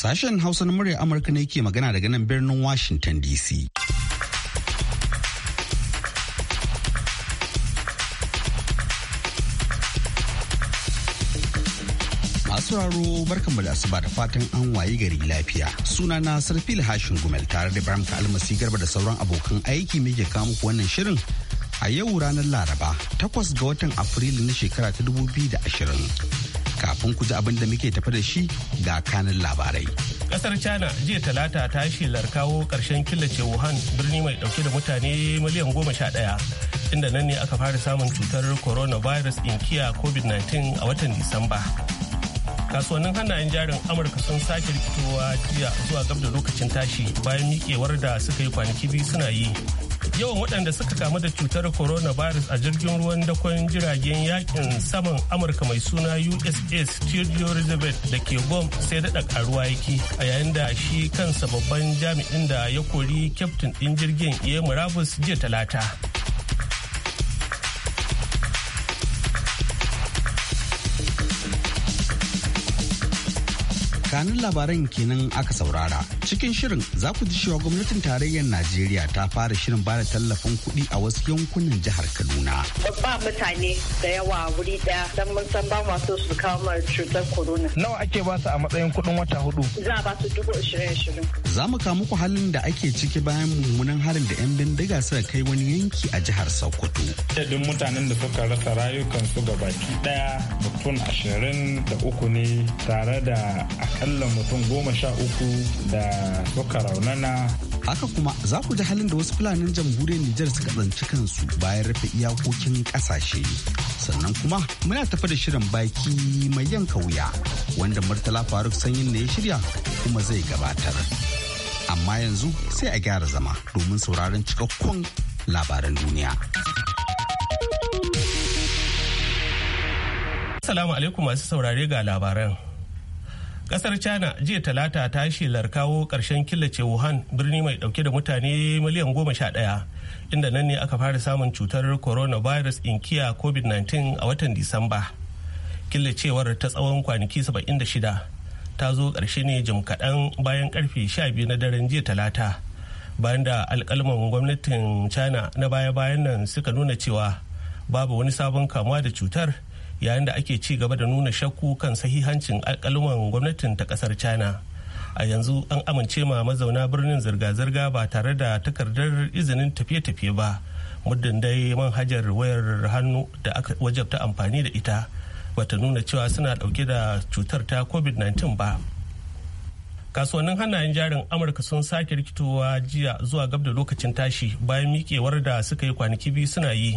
Sashen Hausa na murya Amurka ne ke magana daga nan birnin Washington DC. Masu raro barkanmu da asuba da fatan an wayi gari lafiya. Suna na Sarfil Hashin Gumel tare da Ibrahim Almasi Garba da sauran abokan aiki muke kawo muku wannan shirin a yau ranar Laraba, takwas ga watan Afrilu na shekara ta dubu biyu da ashirin. kafin ku ji abin da muke tafi da shi ga kanin labarai. Kasar China jiya talata ta shelar kawo ƙarshen killace Wuhan birni mai ɗauke da mutane miliyan goma sha ɗaya. Inda nan ne aka fara samun cutar coronavirus inkiya COVID-19 a watan Disamba. Kasuwannin hannayen jarin Amurka sun sake rikitowa jiya zuwa gab da lokacin tashi bayan miƙewar da suka yi kwanaki biyu suna yi yawan waɗanda suka kamu da cutar coronavirus a jirgin ruwan dakon jiragen yakin saman amurka mai suna uss studio elizabeth da ke gom sai daɗa karuwa yake a yayin da shi kansa babban jami'in da ya kori kyaftin ɗin jirgin iya murabus jiya talata ranar labaran kenan aka saurara. Cikin shirin za ku ji cewa gwamnatin tarayyar Najeriya ta fara shirin bada tallafin kuɗi a wasu yankunan jihar Kaduna. Ba mutane da yawa wuri ɗaya don mun san ba masu su kawo cutar corona. Nawa ake ba su a matsayin kuɗin wata hudu? Za a ba su dubu ashirin ashirin. Za mu kawo ku halin da ake ciki bayan mummunan harin da 'yan bindiga suka kai wani yanki a jihar Sokoto. Adadin mutanen da suka rasa rayukansu gabaki ɗaya mutum ashirin da uku ne tare da akalla mutum goma sha uku da suka raunana haka kuma za ku ji halin da wasu fulanin jamhuriyar Nijar suka tsanci kansu bayan rufe iyakokin kasashe sannan kuma muna tafi da shirin baki mai yanka wuya wanda murtala faruk sanyin ne ya shirya kuma zai gabatar amma yanzu sai a gyara zama domin sauraron cikakkun labaran duniya Assalamu alaikum masu saurare ga labaran. Kasar China jiya talata ta shelar kawo ƙarshen killace Wuhan birni mai ɗauke da mutane miliyan goma sha ɗaya. Inda nan ne aka fara samun cutar coronavirus inkiya COVID-19 a watan Disamba. Killacewar ta tsawon kwanaki 76 ta zo ƙarshe ne jim kaɗan bayan ƙarfe 12 na daren jiya talata. Bayan da alƙalman gwamnatin China na baya-bayan nan suka nuna cewa babu wani sabon kamuwa da cutar. yayin da ake ci gaba da nuna shakku kan sahihancin alkaluman gwamnatin ta kasar china a yanzu an amince ma mazauna birnin zirga-zirga ba tare da takardar izinin tafiye-tafiye ba muddin dai manhajar wayar hannu da aka wajabta amfani da ita bata nuna cewa suna dauke da cutar ta covid-19 ba kasuwannin hannayen jarin amurka sun sake rikitowa jiya zuwa gab da lokacin tashi bayan mikewar da suka yi kwanaki biyu suna yi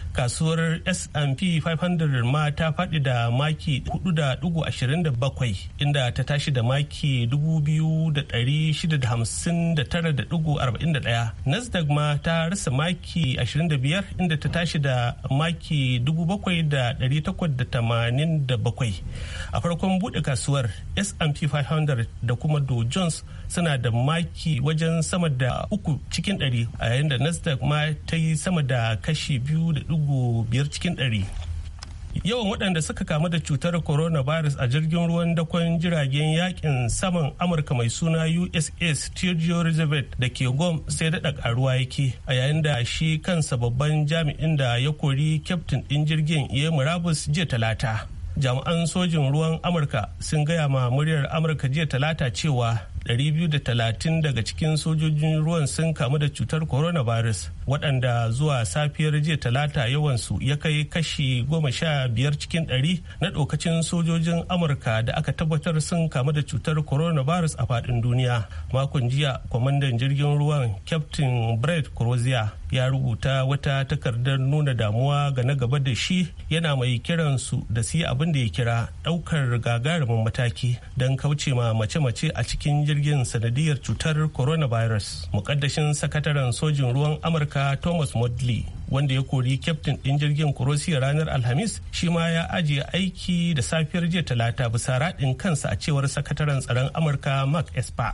kasuwar S&P 500 ma ta faɗi da maki 4.27 inda ta tashi da maki 2,659.41. Nasdaq ma ta rasa maki 25 inda ta tashi da maki 7,887. A farkon buɗe kasuwar S&P 500 da kuma Dow Jones suna da maki wajen sama da 3 cikin 100 a yayin da Nasdaq ma ta yi sama da kashi 2 da biyar cikin ɗari. Yawan waɗanda suka kamu da cutar coronavirus a jirgin ruwan dakon jiragen yakin saman Amurka mai suna USS Studio Reservoir da ke Gom sai daɗa ƙaruwa yake a yayin da shi kansa babban jami'in da ya kori kyaftin ɗin jirgin ya murabus jiya talata. Jami'an sojin ruwan Amurka sun gaya ma muryar Amurka jiya talata cewa 230 daga cikin sojojin ruwan sun kamu da cutar coronavirus waɗanda zuwa safiyar jiya talata yawansu ya kai kashi goma sha biyar cikin ɗari na ɗokacin sojojin amurka da aka tabbatar sun kamu da cutar coronavirus a faɗin duniya makon jiya kwamandan jirgin ruwan captain brett crozia ya rubuta wata takardar nuna damuwa ga na gaba da shi yana mai kiransu da su yi abin da ya kira ɗaukar gagarumin mataki don kauce ma mace-mace a cikin jirgin sanadiyar cutar coronavirus mukaddashin sakataren sojin ruwan amurka ta thomas modley wanda ya kori kyaftin ɗin jirgin kurosiya ranar alhamis shi ma ya ajiye aiki da safiyar jiya talata bisa raɗin kansa a cewar sakataren tsaron amurka mark esper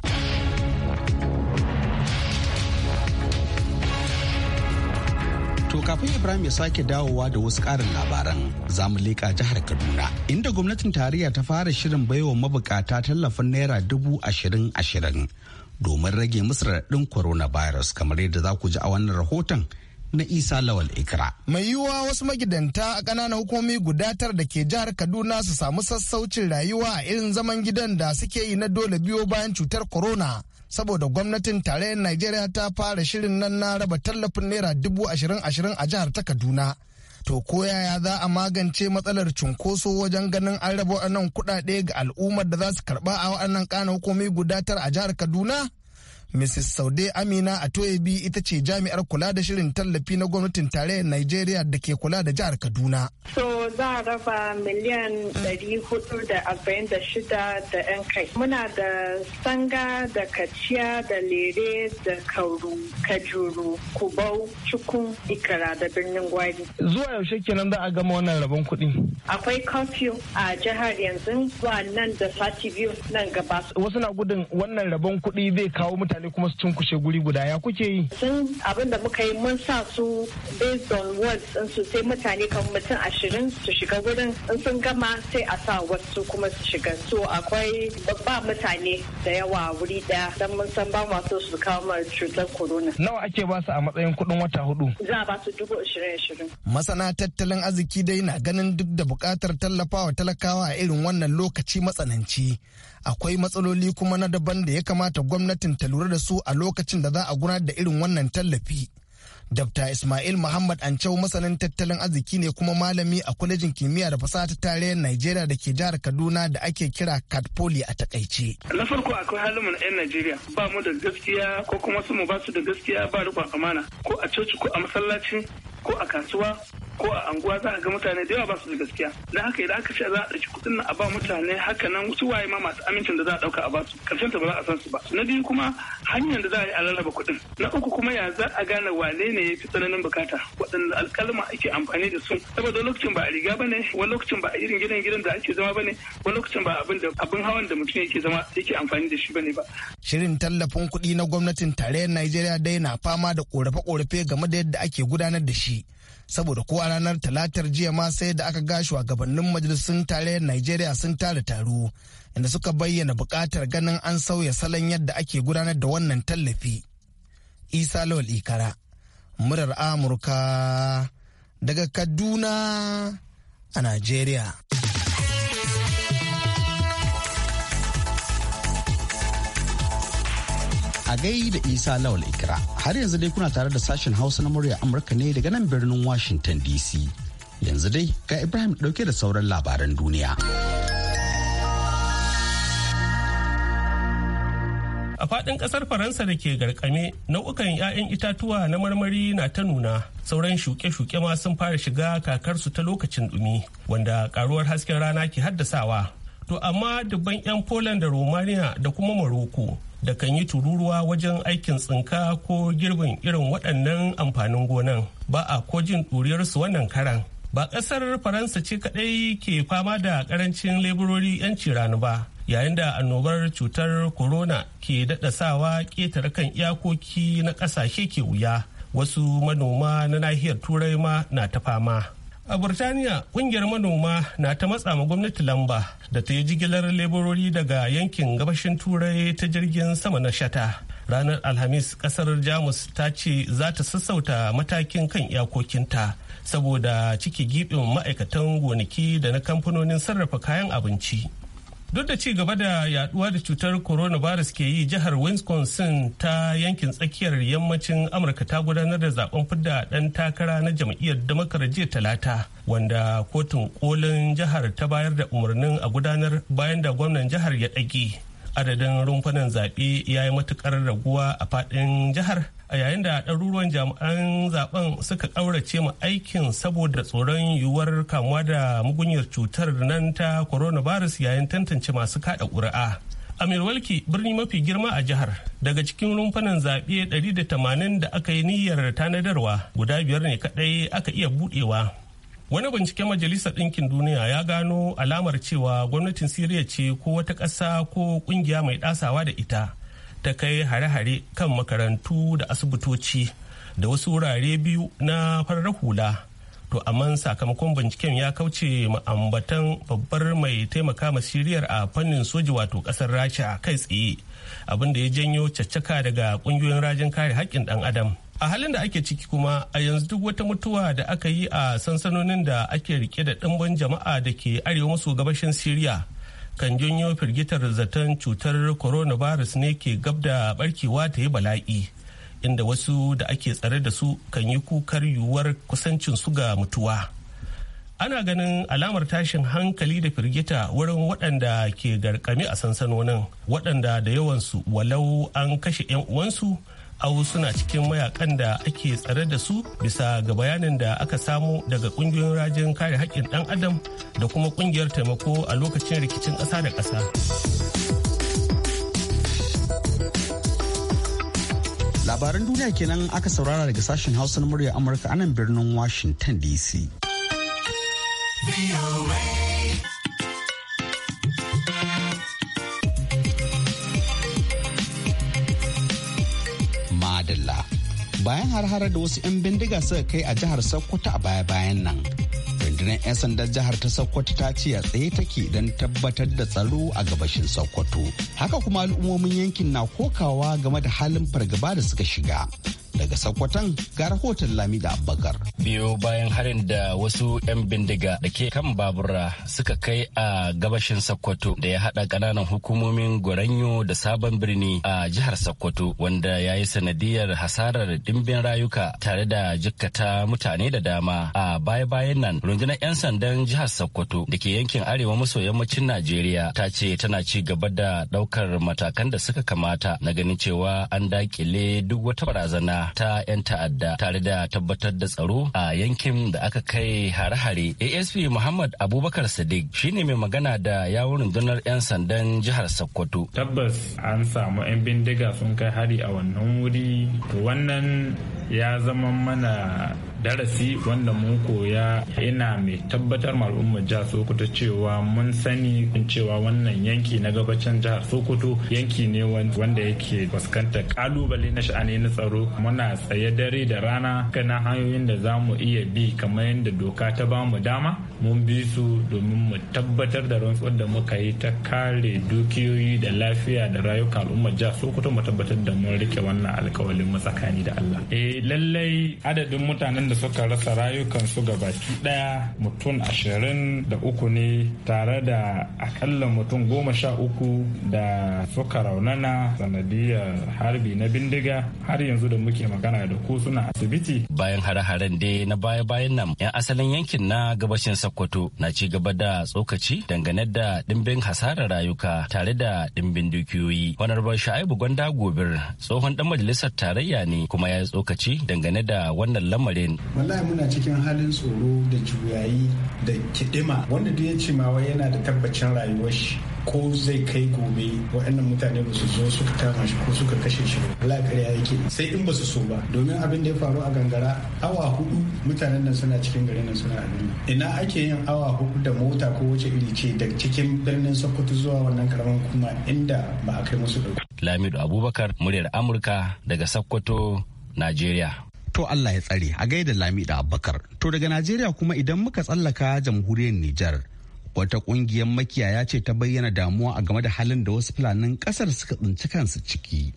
To kafin Ibrahim ya sake dawowa da wasu ƙarin labaran za mu leƙa jihar Kaduna inda gwamnatin tarayya ta fara shirin baiwa mabukata tallafin naira dubu ashirin ashirin domin rage musu raɗin coronavirus kamar yadda za ku ji a wannan rahoton na isa lawal ikra mai yiwuwa wasu magidanta a ƙananan hukumomi guda tara da ke jihar kaduna su samu sassaucin rayuwa a irin zaman gidan da suke yi na dole biyo bayan cutar corona saboda gwamnatin tarayyar najeriya ta fara shirin nan na raba tallafin naira dubu ashirin ashirin a jihar ta kaduna To ko yaya za a magance matsalar cunkoso wajen ganin an raba waɗannan kuɗaɗe ga al'ummar da za su karɓa a wa'annan ƙana hukumi gudatar a jihar Kaduna? Mrs. Saude Amina a Toyebi ita ce jami'ar kula da shirin tallafi na gwamnatin tarayyar Najeriya da ke kula da jihar Kaduna. So za a raba miliyan 446 da 'yan kai. Muna da sanga da kaciya da lere da kauru, kajuru, kubau, cikun ikara da birnin gwari. Zuwa yaushe kenan za a gama wannan rabon kuɗi? Akwai curfew a jihar yanzu zuwa nan da sati biyu nan gaba. Wasu na gudun wannan rabon kuɗi zai kawo mutane mutane kuma su tunkushe guri guda ya kuke yi sun abin da muka yi mun sa su based on words in su sai mutane kan mutum ashirin su shiga gurin in sun gama sai a sa wasu kuma su shiga so akwai babba mutane da yawa wuri daya don mun san ba masu su kawo cutar corona nawa ake ba su a matsayin kuɗin wata hudu za a ba su dubu ashirin ashirin masana tattalin arziki dai na ganin duk da buƙatar tallafawa talakawa a irin wannan lokaci matsananci akwai matsaloli kuma na daban da ya kamata gwamnatin ta lura da su a lokacin da za a gudanar da irin wannan tallafi. Dabta Ismail Muhammad Ancau masanin tattalin arziki ne kuma malami a kwalejin kimiyya da fasaha ta tarihin Najeriya da ke jihar Kaduna da ake kira Katpoli a takaice. Na farko akwai halin mu na 'yan Najeriya ba mu da gaskiya ko kuma su mu ba su da gaskiya ba da amana ko a coci ko a masallaci ko a kasuwa ko a anguwa za a ga mutane da yawa ba su da gaskiya dan haka idan aka ce za a ɗauki kuɗin nan a ba mutane haka nan su waye ma masu amincin da za a ɗauka a ba su karshen ta ba za a san su ba na biyu kuma hanyar da za a yi a lalaba kuɗin na uku kuma ya za a gane wane ne ya fi tsananin bukata waɗanda alƙalma ake amfani da su saboda lokacin ba a riga ba ne wani lokacin ba a irin gidan gidan da ake zama ba ne wani lokacin ba abin da abin hawan da mutum yake zama yake amfani da shi ba ne ba. shirin tallafin kuɗi na gwamnatin tarayyar najeriya dai na fama da ƙorafe-ƙorafe game da yadda ake gudanar da shi saboda ko a ranar talatar jiya ma sai da aka ga gabanin majalisun tarayyar Najeriya sun tara taro inda suka bayyana buƙatar ganin an sauya salon yadda ake gudanar da wannan tallafi. Isa Lawal Ikara, murar Amurka daga Kaduna a Najeriya. a gai da isa lawal ikira har yanzu dai kuna tare da sashen hausa na murya amurka ne daga nan birnin washington dc yanzu dai ga ibrahim dauke da sauran labaran duniya a faɗin ƙasar faransa da ke garkame nau'ukan 'ya'yan itatuwa na marmari na ta nuna sauran shuke-shuke ma sun fara shiga kakarsu ta lokacin dumi wanda karuwar hasken rana ke haddasawa to amma dubban 'yan poland da romania da kuma morocco da kan yi tururuwa wajen aikin tsinka ko girbin irin waɗannan amfanin gonan ba a ko jin ɗuriyarsu wannan karan ba ƙasar faransa ce kaɗai ke fama da ƙarancin leburori 'yanci rani ba yayin da annobar cutar corona ke daɗa sawa ƙetare kan iyakoki na ƙasashe ke wuya wasu manoma na nahiyar turai ma na ta fama A Burtaniya, ƙungiyar manoma na ta matsa ma gwamnati lamba da ta yi jigilar leburori daga yankin gabashin Turai ta jirgin sama na shata. Ranar Alhamis, ƙasar Jamus ta ce za ta sassauta matakin kan iyakokinta saboda ciki giɓin ma'aikatan gonaki da na kamfanonin sarrafa kayan abinci. Duk da ci gaba da yaduwa da cutar coronavirus ke yi jihar Wisconsin ta yankin tsakiyar yammacin Amurka ta gudanar da zaben fidda dan takara na jam'iyyar Damakar jiya talata wanda kotun kolin jihar ta bayar da umarnin a gudanar bayan da gwamnan jihar ya dage. adadin rumfunan zaɓe ya yi matuƙar raguwa a faɗin jihar a yayin da ɗaruruwan jami'an zaben suka ƙaurace mu aikin saboda tsoron yiwuwar kamuwa da mugunyar cutar nan ta coronavirus yayin tantance masu kaɗa ƙuri'a. Amir Walki birni mafi girma a jihar daga cikin rumfunan zaɓe 180 da aka yi niyyar tanadarwa guda biyar ne kaɗai aka iya buɗewa. wani binciken majalisar ɗinkin duniya ya gano alamar cewa gwamnatin siriya ce ko wata ƙasa ko ƙungiya mai ɗasawa da ita ta kai hare-hare kan makarantu da asibitoci da wasu wurare biyu na farar hula to amma sakamakon binciken ya kauce ma'ambatan babbar mai taimaka ma siriyar a fannin soji wato ƙasar rasha kai tsaye abinda ya janyo caccaka daga ƙungiyoyin rajin kare haƙƙin ɗan adam a halin da ake ciki kuma a yanzu duk wata mutuwa da aka yi a sansanonin da ake rike da ɗimbin jama'a da ke arewa maso gabashin syria kan janyo firgitar zaton cutar coronavirus ne ke gab da barkewa ta yi bala'i inda wasu da ake tsare da su kan yi kukar yiwuwar kusancin su ga mutuwa ana ganin alamar tashin hankali da firgita wurin waɗanda ke garkami a sansanonin waɗanda da yawansu walau an kashe 'yan uwansu au suna cikin mayakan da ake tsare da su bisa ga bayanin da aka samu daga kungiyoyin rajin kare haƙƙin ɗan adam da kuma kungiyar taimako a lokacin rikicin ƙasa da ƙasa. labaran duniya kenan aka saurara daga sashen hausa na murya amurka anan birnin washington dc. bayan har-hara da wasu 'yan bindiga suka kai a jihar sokoto a baya-bayan nan rundunar 'yan sandar jihar ta sokoto ta ce a tsaye take don tabbatar da tsaro a gabashin sokoto haka kuma al'ummomin yankin na kokawa game da halin fargaba da suka shiga Daga Sokoton ga rahoton Lamida Abubakar. Biyo bayan harin da wasu 'yan bindiga da ke kan babura suka kai a gabashin Sokoto da ya haɗa ƙananan hukumomin Goranyo da Sabon Birni a jihar Sokoto wanda ya yi sanadiyar hasarar dimbin rayuka tare da jikkata mutane da dama a baya-bayan nan rundunar 'yan sandan jihar Sokoto da ke yankin arewa maso yammacin Najeriya ta ce tana ci gaba da ɗaukar matakan da suka kamata na ganin cewa an dakile duk wata barazana ta 'yan ta'adda tare da tabbatar da tsaro a yankin da aka kai hare-hare. ASP Muhammad Abubakar Sadiq shi ne mai magana da yawon rundunar 'yan sandan jihar Sokoto. Tabbas an samu 'yan bindiga sun kai hari a wannan wuri. To wannan ya zama mana darasi wanda mun koya yana mai tabbatar ma al'ummar jihar sokoto cewa mun sani cewa wannan yanki na gabacin jihar sokoto yanki ne wanda yake fuskantar kalubale na sha'ani na tsaro muna tsaye dare da rana kana hanyoyin da za mu iya bi kamar yadda doka ta bamu dama mun bi su domin mu tabbatar da rantsuwar da muka yi ta kare dukiyoyi da lafiya da rayuka al'ummar jihar sokoto mu tabbatar da mun rike wannan alkawalin mu tsakani da allah eh lallai adadin mutanen da suka rasa rayukansu ga baki daya mutum ashirin da uku ne tare da akalla mutum goma sha uku da suka raunana sanadiyar harbi na bindiga har yanzu da muke magana da ku suna asibiti bayan hare-haren dai na baya-bayan nan 'yan asalin yankin na gabashin Sokoto na ci gaba da tsokaci dangane da dimbin hasarar rayuka tare da dimbin dukiyoyi. Honorable Sha'ibu Gwanda Gobir tsohon dan majalisar tarayya ne kuma ya yi tsokaci dangane da wannan lamarin. Wallahi muna cikin halin tsoro da juyayi da kiɗima wanda duk ya ce ma yana da tabbacin rayuwar shi ko zai kai gobe waɗannan mutane ba su zo suka kama shi ko suka kashe shi ya ƙarya yake sai in ba su so ba domin abin da ya faru a gangara awa hudu mutanen nan suna cikin garin nan suna abin ina ake yin awa hudu da mota ko wace iri ce da cikin birnin sokoto zuwa wannan karamin kuma inda ba a kai musu dauki lamidu abubakar muryar amurka daga sokoto najeriya to Allah ya tsare a gaida Lami Abubakar. To daga Najeriya kuma idan muka tsallaka jamhuriyar Nijar wata kungiyar makiyaya ce ta bayyana damuwa a game da halin da wasu fulanin kasar suka tsinci kansu ciki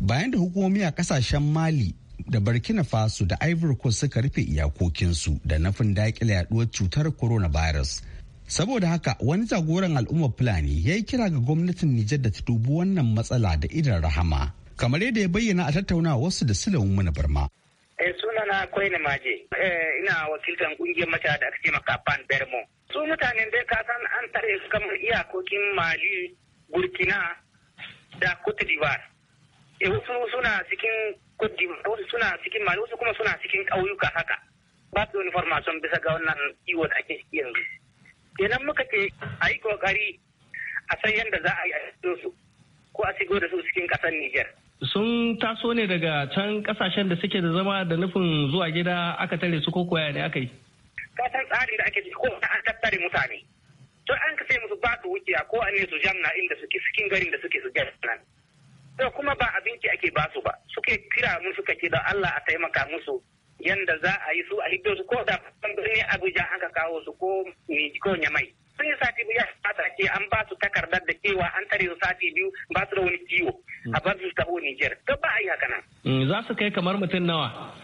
bayan da hukumomi a kasashen mali da burkina faso da ivory coast suka rufe iyakokinsu da nufin daƙile yaduwar cutar coronavirus saboda haka wani jagoran al'ummar fulani ya yi kira ga gwamnatin nijar da ta dubi wannan matsala da idan rahama kamar yadda ya bayyana a tattaunawa wasu da silawun mana barma eh, sunana kwai na maje eh, ina wakiltar kungiyar mata da aka ce maka pan bermo su mutanen dai kasan an tare su kamar iyakokin mali burkina da cote d'ivoire eh, wasu suna cikin cote d'ivoire wasu suna cikin mali wasu kuma suna cikin ƙauyuka haka ba su information bisa ga wannan iwo da ake ciki yanzu kenan muka ke a yi kokari a san yadda za a yi a su ko a shigo da su cikin ƙasar niger sun taso ne daga can kasashen da suke da zama da nufin zuwa gida aka tare su ko koya ne aka yi san tsarin da ake ko an tattare mutane to an ka musu ba su wuce ko an ne su jamna inda suke cikin garin da suke su jamna to kuma ba abinci ake ba su ba suke kira mu suka ce da Allah a taimaka musu yanda za a yi su a hiddo su ko da birni Abuja an ka kawo su ko ko nyamai sun yi sati biyu ya ke an ba su takardar da cewa an tare su sati biyu ba su da wani ciwo a bar su taho Niger to ba a yi haka nan mm, za su kai kamar mutum nawa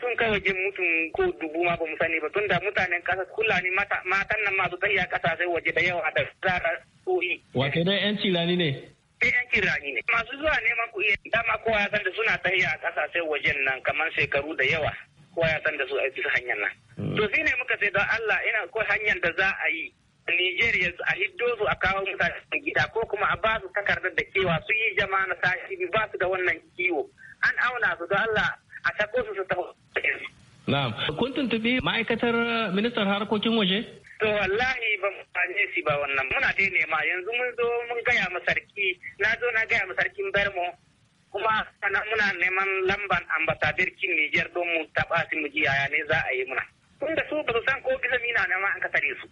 sun kai waje mutum ko dubu ma bamu sani ba tunda mutanen kasa kulani matan nan masu kasa kasashen waje da yawa da zara soyi. Wato dai yan cirani ne? Sai yan cirani ne. Masu zuwa neman kuɗi dama kowa ya san da suna tafiya a kasashen wajen nan kamar shekaru da yawa. Kowa ya san da su a bisa hanyar nan. Hmm. To shi ne muka sai don Allah ina ko hanyar da za a yi Nigeria a hiddo su a kawo mutane gida ko kuma a ba su takardar da kewa su yi jama'a na tashi ba su da wannan kiwo. An auna su don Allah a sako su su taho Na'am. Kun tuntubi ma'aikatar eh, ministan harkokin waje? To wallahi ba mu same shi ba wannan muna dai nema yanzu mun zo mun gaya ma sarki na zo na gaya ma sarkin Bermo kuma sana muna neman lamban ambasadar kin Niger don mu taba su mu ji yaya ne za a yi muna. Tun da su ba su san ko gizami na nema an ka tare su.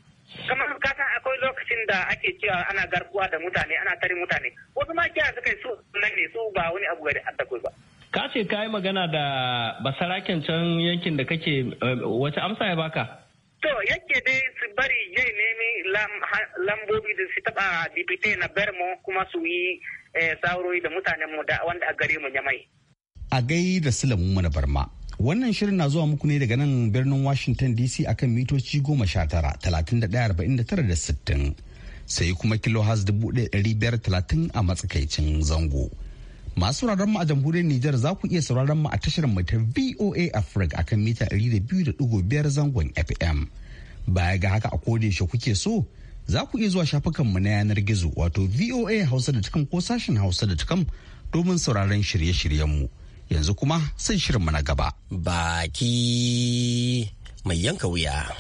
Kamar ka san akwai lokacin da ake cewa ana garkuwa da mutane ana tare mutane wasu ma kiyaye suka yi su nan ne su ba wani abu da adda ba. ka ce ka yi magana da basaraken can yankin da kake eh, wace amsa ya baka to yake dai su bari yai nemi lambobi da su taba dipite na bermo kuma su yi eh, sauroi da mutanen mu da wanda a gare mu nyamai a gai da silamu mana barma wannan shirin na zuwa muku ne daga nan birnin washington dc akan mitoci goma sha tara talatin da ɗaya arba'in da tara da sittin sai kuma kilo has dubu ɗaya ɗari biyar talatin a matsakaicin zango Masu sauraron mu a jamhuriyar Nijar za ku iya sauraron mu a tashar mu ta VOA Africa akan mita 200.5 zangon FM. Baya ga haka a kodin shi kuke so za ku iya zuwa shafukan mu na yanar gizo wato VOA Hausa da cikin ko sashen Hausa da cikin domin sauraron shirye-shiryen mu. Yanzu kuma sai shirin mu na gaba. Baki mai yanka wuya.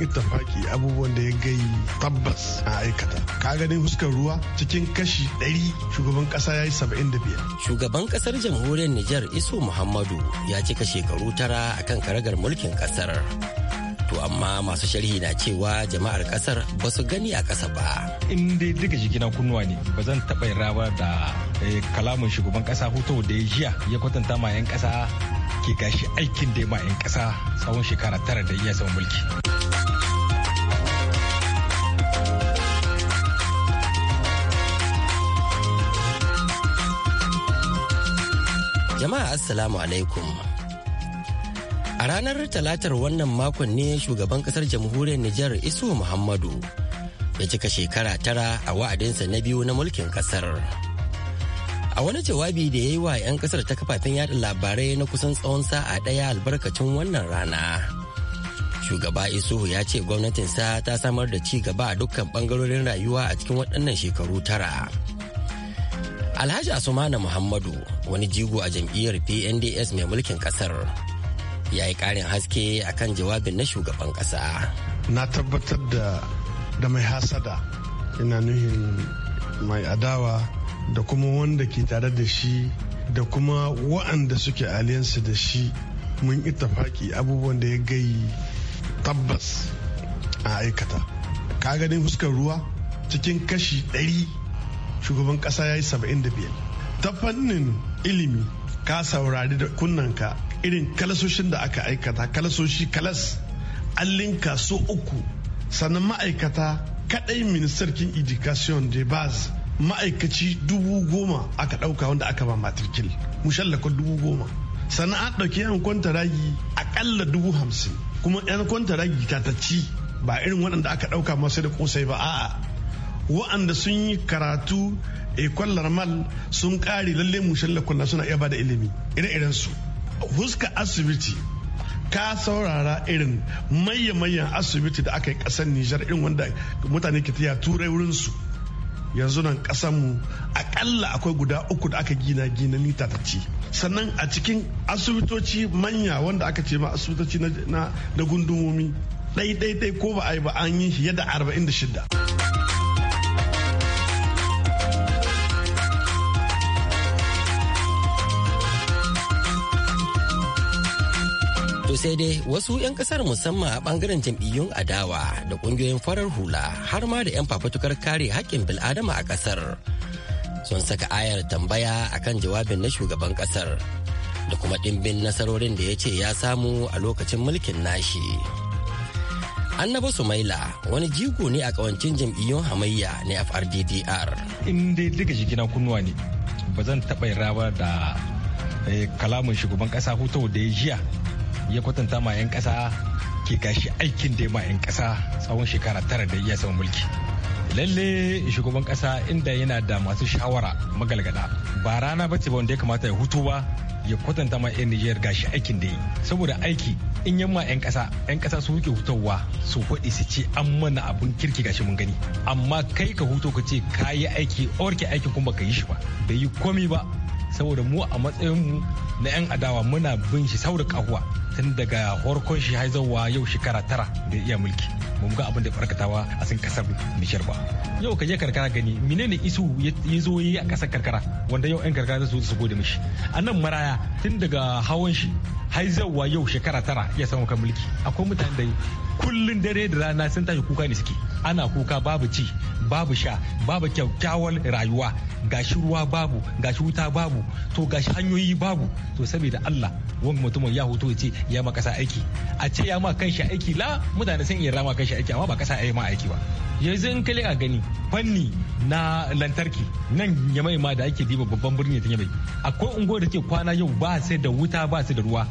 ittifaki abubuwan da ya gai tabbas a aikata ka ganin huskar ruwa cikin kashi 100 shugaban kasa ya yi 75 shugaban kasar jamhuriyar Nijar iso Muhammadu ya cika shekaru tara akan karagar mulkin kasar To amma masu sharhi na cewa jama'ar kasar ba su gani a ƙasa ba. In dai duka jikina kunnuwa ne ba zan taɓa rawa da eh, kalamun shugaban ƙasa hoto da ya jiya ya kwatanta ma 'yan ƙasa ke gashi aikin da ma 'yan ƙasa tsawon shekara tara da iya samun mulki. Jama'a Assalamu alaikum. A ranar talatar wannan makon ne shugaban kasar jamhuriyar Nijar Isu Muhammadu ya cika shekara tara a wa'adinsa na biyu na mulkin kasar. A wani jawabi da ya yi wa 'yan kasar ta kafafen yada labarai na kusan tsawon sa'a ɗaya albarkacin wannan rana. Shugaba isu ya ce gwamnatinsa ta samar da ci gaba a dukkan bangarorin rayuwa a cikin waɗannan shekaru tara. Alhaji Asumana Muhammadu wani jigo a jam'iyyar PNDS mai mulkin ƙasar. ya yi karin haske a kan jawabin na shugaban ƙasa. na tabbatar da da mai hasada ina nuhin mai adawa da kuma wanda ke tare da shi da kuma wa'anda suke aliyansu da shi mun ita faki abubuwan da ya gai tabbas a aikata ka ganin fuskar ruwa cikin kashi 100 shugaban kasa ya yi 75 ta fannin ilimi ka saurari da kunnanka irin kalasoshin da aka aikata kalasoshi kalas an linka so uku sannan ma'aikata kadai kin education de base ma'aikaci dubu goma aka dauka wanda aka ba matrikil mushallakon dubu goma sannan an dauki yan kwantaragi akalla dubu hamsin kuma yan kwantaragi tatacci ba irin waɗanda aka dauka masu da kosai ba a'a waɗanda sun yi karatu ekwallar mal sun kare lalle mushallakon na suna iya ba da ilimi ire-irensu huska asibiti ka saurara irin mayya-mayyan asibiti da aka yi kasar nijar irin wanda mutane ke taya turai wurinsu yanzu nan kasanmu akalla akwai guda uku da aka gina gina ni ci sannan a cikin asibitoci manya wanda aka ce ma asibitoci na gundumomi ɗai ɗai ko ba a yi ba an yi fiye da 46 To sai dai wasu 'yan kasar musamman a bangaren jam'iyyun adawa da kungiyoyin farar hula har ma da 'yan fafutukar kare haƙƙin bil'adama a kasar sun saka ayar tambaya a kan jawabin na shugaban kasar da kuma ɗimbin nasarorin da ya ce ya samu a lokacin mulkin nashi. Annaba Sumaila wani jigo ne a kawancin jam'iyyun hamayya na FRDDR. In dai duka shigina kunnuwa ne ba zan taɓa rawa da eh, kalamin shugaban ƙasa hutu da ya jiya ya kwatanta ma 'yan ƙasa ke gashi aikin da ma 'yan ƙasa tsawon shekara tara da iya samun mulki lalle shugaban kasa inda yana da masu shawara magalgada ba rana ba ce ba wanda ya kamata ya hutu ba ya kwatanta ma 'yan Nijar gashi aikin da yi saboda aiki in ma 'yan kasa 'yan kasa su wuke hutawa su faɗi su ce an mana abun kirki gashi mun gani amma kai ka hutu ka ce ka yi aiki orke aikin kuma ka yi shi ba bai yi komi ba saboda mu a matsayin mu na 'yan adawa muna bin shi sau kahuwa tun daga horkon shi haizawa yau shekara tara da iya mulki mun ga abin da farkatawa a sun kasar nishar ba yau ka je karkara gani menene isu ya zo yi a kasar karkara wanda yau 'yan karkara su su gode mishi a nan maraya tun daga hawan shi haizawa yau shekara tara ya samu kan mulki akwai mutane da kullun dare da rana sun tashi kuka ne suke ana kuka babu ci babu sha babu kyakkyawar rayuwa gashi ruwa babu gashi wuta babu to gashi hanyoyi babu to saboda Allah wani mutumin ya hoto ce ya ma kasa aiki a ce ya ma kanshi aiki la mutane sun iya rama kanshi aiki amma ba kasa ya ma aiki ba yanzu in kalli a gani fanni na lantarki nan yamai ma da ake diba babban birni ta yamai akwai unguwar da ke kwana yau ba sai da wuta ba sai da ruwa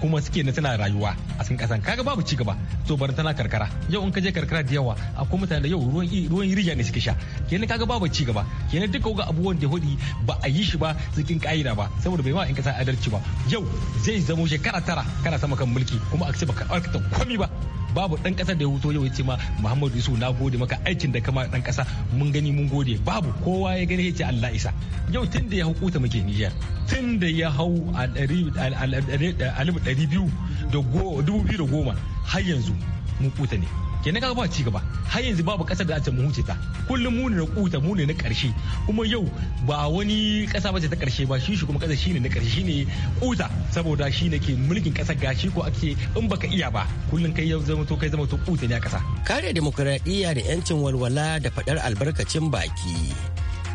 kuma suke na tana rayuwa a cikin kasan kaga babu ci gaba to bar tana karkara yau in ka je karkara da yawa akwai mutane da yau ruwan ruwan rijiya ne suke sha kenan kaga babu ci gaba kenan duka ga abubuwan da hudi ba a yi shi ba cikin ka'ida ba saboda bai ma in kasa adalci ba yau zai zamo shekara tara kana sama kan mulki kuma a ce baka barkata komai ba babu dan kasa da ya huto yau ya ce ma Muhammadu Isu na gode maka aikin da kama dan kasa mun gani mun gode babu kowa ya gani ya ce Allah isa yau tun da ya hukuta muke Niger tun da ya hau al alif ɗari biyu da dubu biyu da goma har yanzu mu kuta ne kenan kaga ba ci gaba har yanzu babu kasar da za ta mu huce ta kullum mu ne na kuta mu ne na karshe kuma yau ba wani kasa ce ta karshe ba shi shi kuma kasa shine na karshe shine kuta saboda shine ke mulkin kasar shi ko ake in baka iya ba kullum kai yau zama to kai zama to kuta ne a kasa kare demokradiyya da yancin walwala da fadar albarkacin baki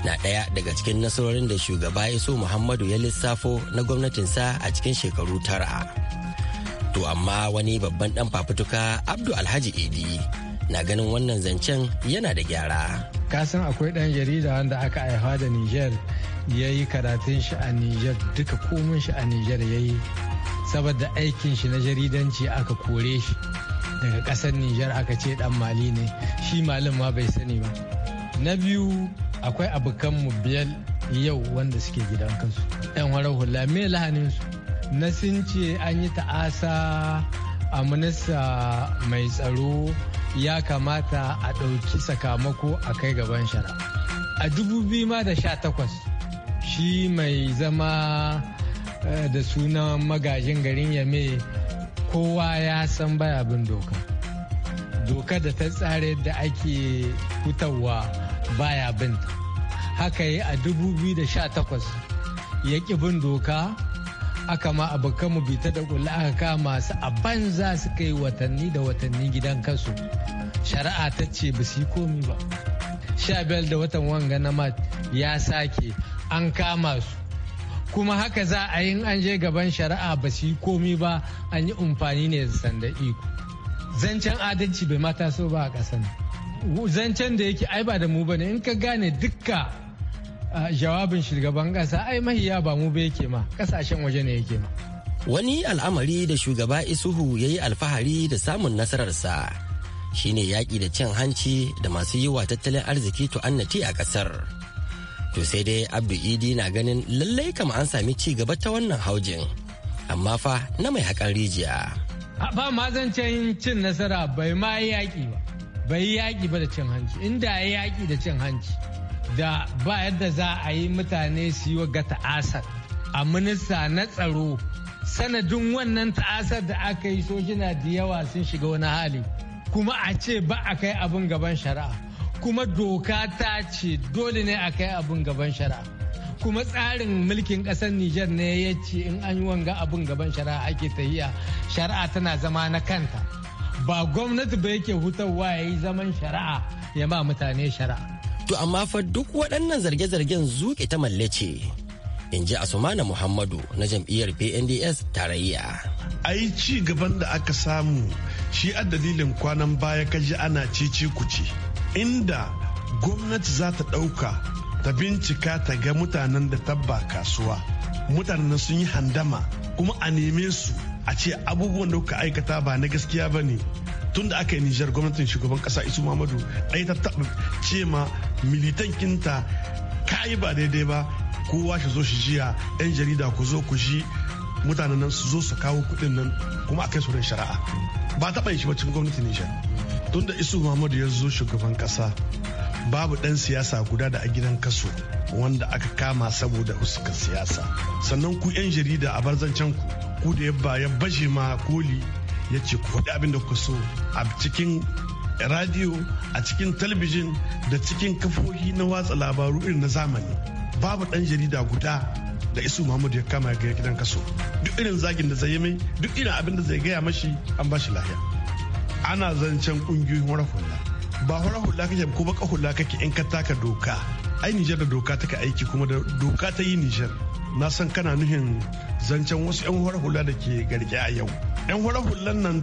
na ɗaya daga cikin nasarorin da shugaba iso muhammadu ya lissafo na gwamnatinsa a cikin shekaru tara to amma wani babban ɗan fafutuka abdu alhaji edi na ganin wannan zancen yana da gyara kasan akwai ɗan jarida wanda aka haifa da niger ya yi karatun shi a niger duka komin shi a niger ya yi saboda aikin shi na jaridanci aka kore shi daga ƙasar niger aka ce ɗan mali ne shi malin ma bai sani ba na biyu akwai abokan mu biyar yau wanda suke gidan kansu yan warar hula me lahanin su na sun ce an yi ta'asa a minista mai tsaro ya kamata a ɗauki sakamako a kai gaban shara a 2018 shi mai zama eh, da sunan magajin garin yame kowa ya san baya bin doka doka da ta tsare yadda ake hutawa baya binta haka yi a 2018 ya ƙi bin doka aka ma abokan mu bita da kula aka kama su a banza su yi watanni da watanni gidan kasu shari'a ta ce ba su yi komi ba Shabiyar da watan wanga na mat ya sake an kama su kuma haka za a yin an je gaban shari'a ba su yi komi ba an yi amfani ne da sanda iko zancen adalci bai mata so ba a ƙasar zancen da yake ai ba da mu bane in ka gane dukka jawabin shugaban kasa ai mahiya ba mu ba yake ma kasashen waje ne yake ma wani al'amari da shugaba isuhu ya yi alfahari da samun nasararsa shine yaƙi da cin hanci da masu yi tattalin arziki to Annati a ƙasar to sai dai abdu idi na ganin lallai kama an sami ci gaba ta wannan haujin amma fa na mai haƙan rijiya ba ma zancen cin nasara bai ma yaƙi ba bai yi yaƙi ba da cin hanci inda ya yaƙi da cin hanci da ba yadda za a yi mutane su yi wa ta'asar a minista na tsaro sanadin wannan ta'asar da aka yi sojina da yawa sun shiga wani hali kuma a ce ba a kai abin gaban shari'a kuma doka ta ce dole ne a kai abin gaban shari'a kuma tsarin mulkin ƙasar Nijar ne ya ce in an yi wanga abin gaban shari'a ake tahiya shari'a tana zama na kanta ba gwamnati ba yake hutarwa ya yi zaman shari'a ya ma mutane shari'a. To amma fa duk waɗannan zarge-zargen zuke ta malle ce. in ji asumana muhammadu na jam'iyyar pnds tarayya yi ci gaban da aka samu shi a dalilin kwanan baya ka ji ana cici kuci inda gwamnati za ta ɗauka ta bincika ta ga mutanen da tabba kasuwa mutanen sun yi handama kuma a neme su a ce abubuwan da kuka aikata ba na gaskiya ba ne tun da aka yi nijar gwamnatin shugaban kasa isu mamadu ai ta taɓa ce ma kinta ka yi ba daidai ba kowa shi zo shi jiya yan jarida ku zo ku ji mutanen nan su zo su kawo kuɗin nan kuma a kai su shari'a ba taɓa yin shi ba cikin gwamnatin nijar tun da isu mamadu ya zo shugaban kasa babu ɗan siyasa guda da a gidan kaso wanda aka kama saboda huskar siyasa sannan ku 'yan jarida a barzancen ku ku da ya bayan bashi ma koli ya ce kuɗi abin da kuka so a cikin radio a cikin talabijin da cikin kafofi na watsa labaru irin na zamani babu ɗan jarida guda da isu muhammadu ya kama ya gidan kaso duk irin zagin da zai yi mai duk irin abin da zai gaya mashi an bashi lahiya ana zancen kungiyoyin wara hula ba wara hula kake ko baka hula kake in ka taka doka ai nijar da doka take aiki kuma da doka ta yi nijar na san kana nuhin zancen wasu 'yan hula da ke garke a yau yan horar hulan nan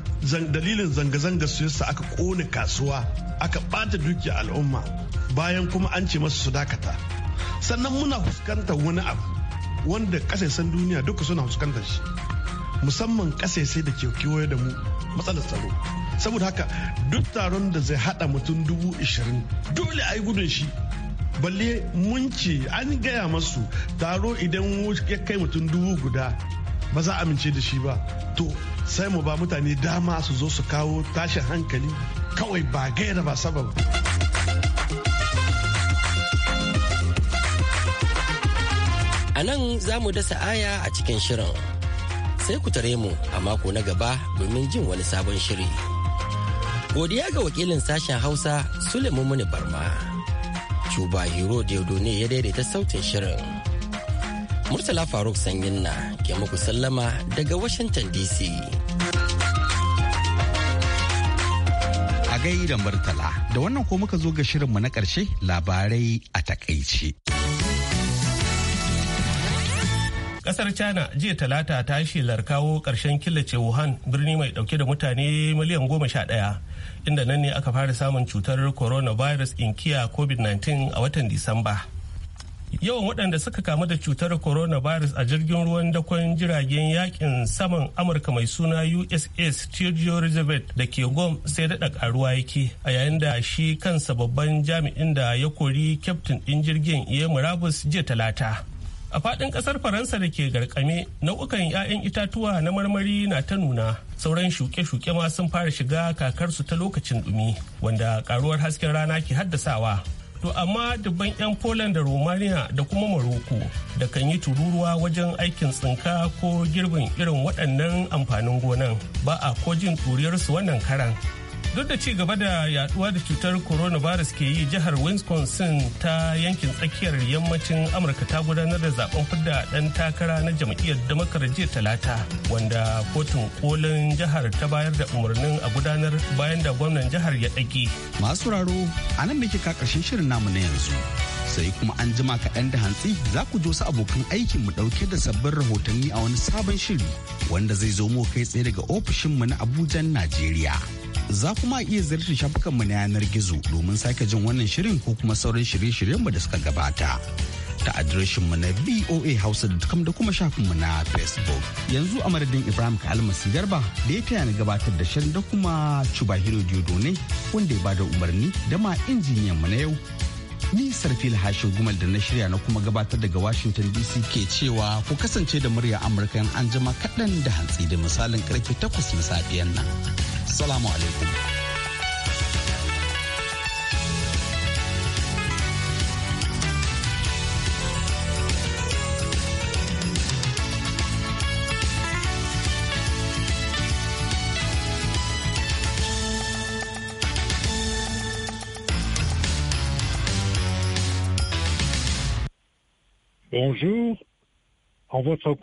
dalilin zanga-zanga su yasa aka kone kasuwa aka ɓata dukiya al'umma bayan kuma an ce masu su dakata sannan muna fuskantar wani abu wanda kasaisan duniya duka suna fuskantar shi musamman kasaisai da ke kewaye da mu matsalar tsaro saboda haka duk taron da zai haɗa mutum dubu ishirin dole a yi gudun shi balle mun ce an gaya masu taro idan ya kai mutum dubu guda ba za amince da shi ba to sai mu ba mutane dama su zo su kawo tashin hankali kawai ba gaira ba sabab a nan za mu dasa aya a cikin shirin sai ku tare mu a mako na gaba domin jin wani sabon shiri godiya ga wakilin sashen hausa suleiman muni barma Cuba Hero ne ya daidaita sautin shirin. Murtala Faruk Sanyin na ke muku sallama daga Washington DC. A gai da Murtala, da wannan ko muka zo ga shirinmu na ƙarshe labarai a takaice. Kasar China jiya talata ta shelar kawo karshen killace Wuhan birni mai dauke da mutane miliyan goma sha ɗaya. Inda nan ne aka fara samun cutar coronavirus kiya COVID-19 a watan Disamba. yawan waɗanda suka kamu da cutar coronavirus a jirgin ruwan dakon jiragen yakin saman amurka mai suna uss Theodore roosevelt da ke gom sai daɗa ƙaruwa yake a yayin da shi kansa babban jami'in da ya kori kyaftin ɗin jirgin iya murabus jiya talata a faɗin ƙasar faransa da ke garkame nau'ukan 'ya'yan itatuwa na marmari na ta nuna sauran shuke-shuke ma sun fara shiga kakarsu ta lokacin ɗumi wanda ƙaruwar hasken rana ke haddasawa to amma dubban 'yan poland da romania da kuma maroko da kan yi tururuwa wajen aikin tsinka ko girbin irin waɗannan amfanin gonan ba a ko jin turiyarsu wannan karan duk da ci gaba da yaduwa da cutar coronavirus ke yi jihar wisconsin ta yankin tsakiyar yammacin amurka ta gudanar da zaben fidda dan takara na jam'iyyar damakar jiya talata wanda kotun kolin jihar ta bayar da umarnin a gudanar bayan da gwamnan jihar ya ɗage masu raro a nan muke ka karshen shirin namu na yanzu sai kuma an jima kaɗan da hantsi za ku ji wasu abokan aikin mu ɗauke da sabbin rahotanni a wani sabon shiri wanda zai zo mu kai tsaye daga ofishinmu na abuja najeriya za kuma iya ziyartar shafukanmu na yanar gizo domin sake jin wannan shirin ko kuma sauran shirye-shiryenmu da suka gabata ta adireshinmu na voa hausa da kuma shafinmu na facebook yanzu a madadin ibrahim kalmasi garba da ya taya ni gabatar da shirin da kuma chubahiro diodone wanda ya bada umarni da ma mu na yau Ni sarfi Hashin Gumal da na shirya na kuma gabatar daga Washington DC ke cewa ku kasance da murya Amurka yan an kaɗan da hantsi da misalin karfe takwas na safiyan nan. Salamu alaikum. Bonjour. En votre compte.